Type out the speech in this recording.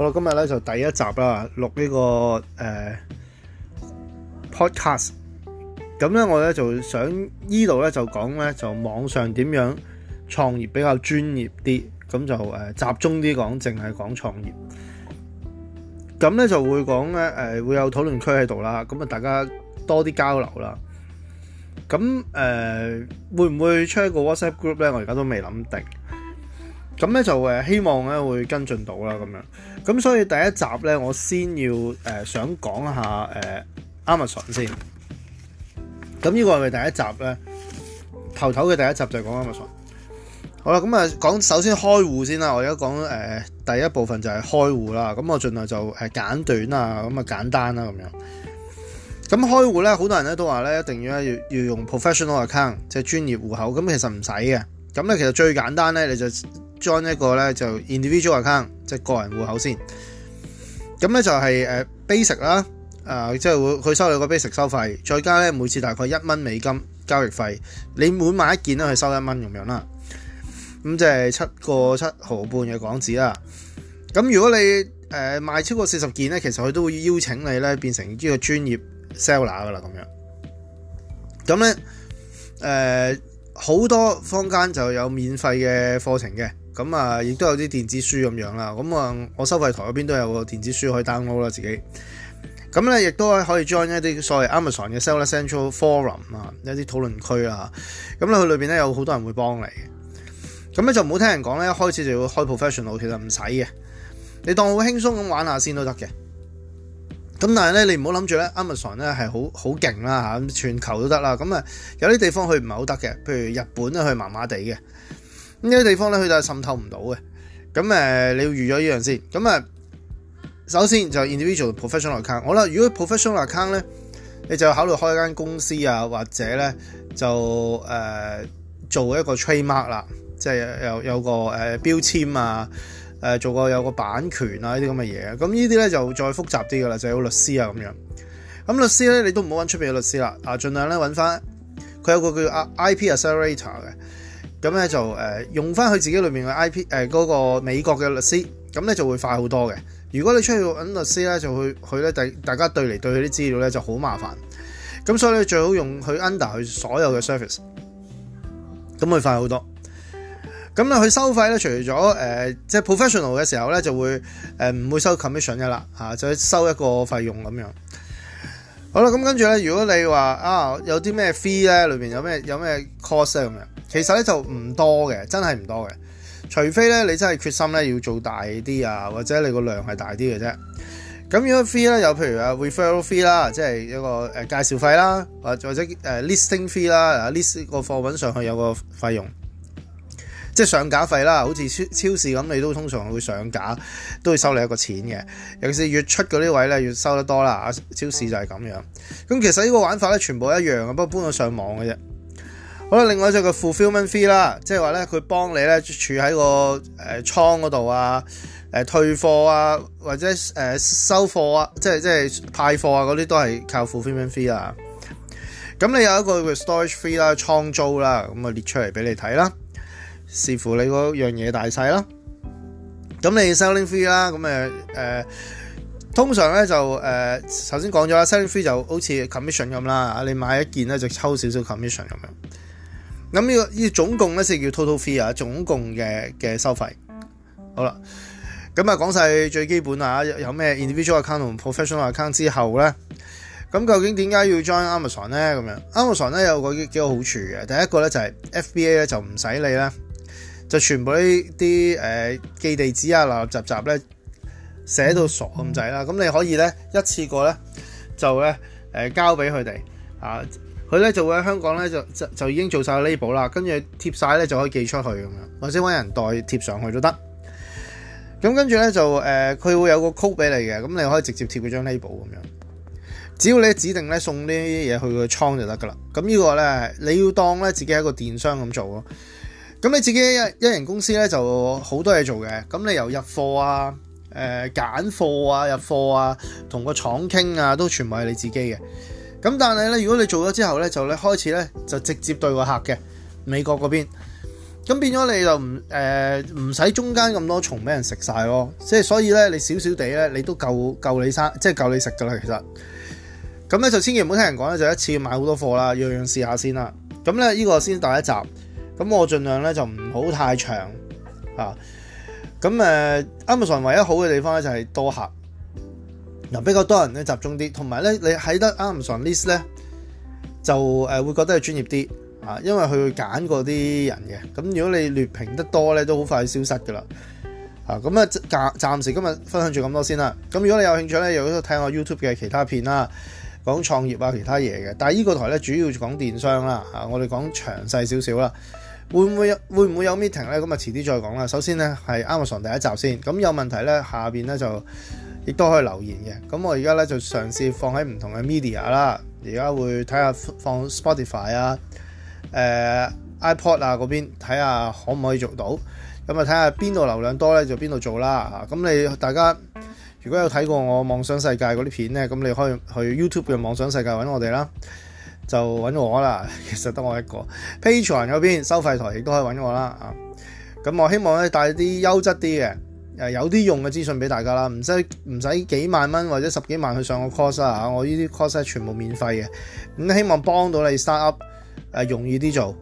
好啦，今日咧就第一集啦，錄呢、呢個誒、呃、podcast。咁咧，我咧就想呢度咧就講咧，就網上點樣創業比較專業啲，咁就誒集中啲講，淨係講創業。咁咧就會講咧，誒、呃、會有討論區喺度啦，咁啊大家多啲交流啦。咁誒、呃、會唔會出一個 WhatsApp group 咧？我而家都未諗定。咁咧就誒希望咧會跟進到啦咁樣，咁所以第一集咧我先要、呃、想講一下、呃、Amazon 先，咁呢個係咪第一集咧？頭頭嘅第一集就講 Amazon。好啦，咁啊講首先開戶先啦，我而家講、呃、第一部分就係開戶啦。咁我盡量就誒簡短啊，咁啊簡單啦咁樣。咁開戶咧，好多人咧都話咧一定要要要用 professional account 即係專業戶口，咁其實唔使嘅。咁咧其實最簡單咧，你就～join 一個咧就 individual account，即係個人戶口先。咁咧就係 basic 啦、啊，即係會佢收你個 basic 收費，再加咧每次大概一蚊美金交易費。你每賣一件咧，佢收一蚊咁樣啦。咁即係七個七毫半嘅港紙啦。咁如果你、啊、賣超過四十件咧，其實佢都會邀請你咧變成呢個專業 seller 噶啦咁樣。咁咧好多坊間就有免費嘅課程嘅。咁啊，亦都有啲電子書咁樣啦。咁啊，我收費台嗰邊都有個電子書可以 download 啦自己。咁咧，亦都可以 join 一啲所謂 Amazon 嘅 Seller Central Forum 啊，一啲討論區啊。咁你去裏面咧有好多人會幫你。咁咧就唔好聽人講咧，一開始就要開 professional，其實唔使嘅。你當好輕鬆咁玩下先都得嘅。咁但係咧，你唔好諗住咧，Amazon 咧係好好勁啦吓咁全球都得啦。咁啊，有啲地方去唔係好得嘅，譬如日本咧，去麻麻地嘅。呢啲地方咧，佢就滲透唔到嘅。咁誒，你要預咗呢樣先。咁首先就係 individual professional account 好啦。如果 professional account 咧，你就考慮開一間公司啊，或者咧就、呃、做一個 trademark 啦，即係有有個誒、呃、標籤啊，誒做個有個版權啊呢啲咁嘅嘢。咁呢啲咧就再複雜啲噶啦，就係有律師啊咁樣。咁律師咧，你都唔好揾出面嘅律師啦，啊，盡量咧揾翻佢有個叫 IP accelerator 嘅。咁咧就、呃、用翻佢自己裏面嘅 I P 嗰、呃那個美國嘅律師，咁咧就會快好多嘅。如果你出去揾律師咧，就去去咧，大家對嚟對去啲資料咧就好麻煩。咁所以咧最好用去 under 佢所有嘅 service，咁會快好多。咁呢佢收費咧，除咗即係 professional 嘅時候咧，就會唔、呃、會收 commission 嘅啦嚇，就收一個費用咁樣。好啦，咁跟住咧，如果你話啊有啲咩 fee 咧，裏面有咩有咩 cost 咁樣。其實咧就唔多嘅，真係唔多嘅。除非咧你真係決心咧要做大啲啊，或者你個量係大啲嘅啫。咁如果 fee 咧有譬如啊 referral fee 啦，即係有個介紹費啦，或或者 listing fee 啦，啊 list 個貨品上去有個費用，即係上架費啦。好似超超市咁，你都通常會上架，都會收你一個錢嘅。尤其是月初嗰啲位咧，越收得多啦。啊超市就係咁樣。咁其實呢個玩法咧全部一樣嘅，不過搬咗上網嘅啫。好啦，另外一個 fulfilment fee 啦，即係話咧，佢幫你咧處喺個誒、呃、倉嗰度啊，退貨啊，或者、呃、收貨啊，即係即係派貨啊嗰啲都係靠 fulfilment fee 啦。咁你有一個 storage fee 啦，倉租啦，咁啊列出嚟俾你睇啦，視乎你嗰樣嘢大細啦。咁你 selling fee 啦，咁、呃、誒通常咧就、呃、首先講咗啦，selling fee 就好似 commission 咁啦，你買一件咧就抽少少 commission 咁樣。咁呢個呢總共咧就叫 total fee 啊，總共嘅嘅收費。好啦，咁啊講晒，最基本啊，有咩 individual account 同 professional account 之後咧，咁究竟點解要 join Amazon 咧？咁樣 Amazon 咧有個幾個好處嘅，第一個咧就係 FBA 咧就唔使你呢，就全部呢啲誒寄地址啊、垃垃雜雜咧寫到傻咁滯啦，咁你可以咧一次過咧就咧誒交俾佢哋啊。佢咧就會喺香港咧就就就已經做晒 label 啦，跟住貼晒咧就可以寄出去咁樣，或者搵人代貼上去都得。咁跟住咧就呃、佢會有個 code 俾你嘅，咁你可以直接貼嗰張 label 咁樣。只要你指定咧送呢啲嘢去個倉就得噶啦。咁呢個咧你要當咧自己係一個電商咁做咯。咁你自己一,一人公司咧就好多嘢做嘅，咁你由入貨啊、呃、揀貨啊、入貨啊、同個廠傾啊，都全部係你自己嘅。咁但係咧，如果你做咗之後咧，就你開始咧就直接對個客嘅美國嗰邊，咁變咗你就唔誒唔使中間咁多蟲俾人食晒咯，即係所以咧你少少地咧，你都夠夠你生，即係夠你食噶啦，其實。咁咧就千祈唔好聽人講咧，就一次買好多貨啦，樣樣試下先啦。咁咧呢個先第一集，咁我盡量咧就唔好太長嚇。咁、啊啊、Amazon 唯一好嘅地方咧就係多客。嗱，比較多人咧集中啲，同埋咧你喺得 Amazon list 咧，就誒會覺得係專業啲啊，因為佢會揀過啲人嘅。咁如果你劣評得多咧，都好快消失㗎啦。啊，咁啊暫暫時今日分享住咁多先啦。咁如果你有興趣咧，又可以睇我 YouTube 嘅其他片啦，講創業啊其他嘢嘅。但係依個台咧，主要講電商啦，啊我哋講詳細少少啦。會唔會有會唔會有 meeting 咧？咁啊遲啲再講啦。首先咧係 Amazon 第一集先。咁有問題咧，下邊咧就。亦都可以留言嘅，咁我而家咧就嘗試放喺唔同嘅 media 啦，而家會睇下放 Spotify 啊、誒、呃、iPod 啊嗰邊睇下可唔可以做到，咁啊睇下邊度流量多咧就邊度做啦嚇。咁你大家如果有睇過我妄想世界嗰啲片咧，咁你可以去 YouTube 嘅妄想世界揾我哋啦，就揾我啦。其實得我一個 Patreon 嗰邊收費台亦都可以揾我啦啊。咁我希望咧帶啲優質啲嘅。有啲用嘅資訊俾大家啦，唔使唔使幾萬蚊或者十幾萬去上個 course 啊，我呢啲 course 係全部免費嘅，咁希望幫到你 set up 容易啲做。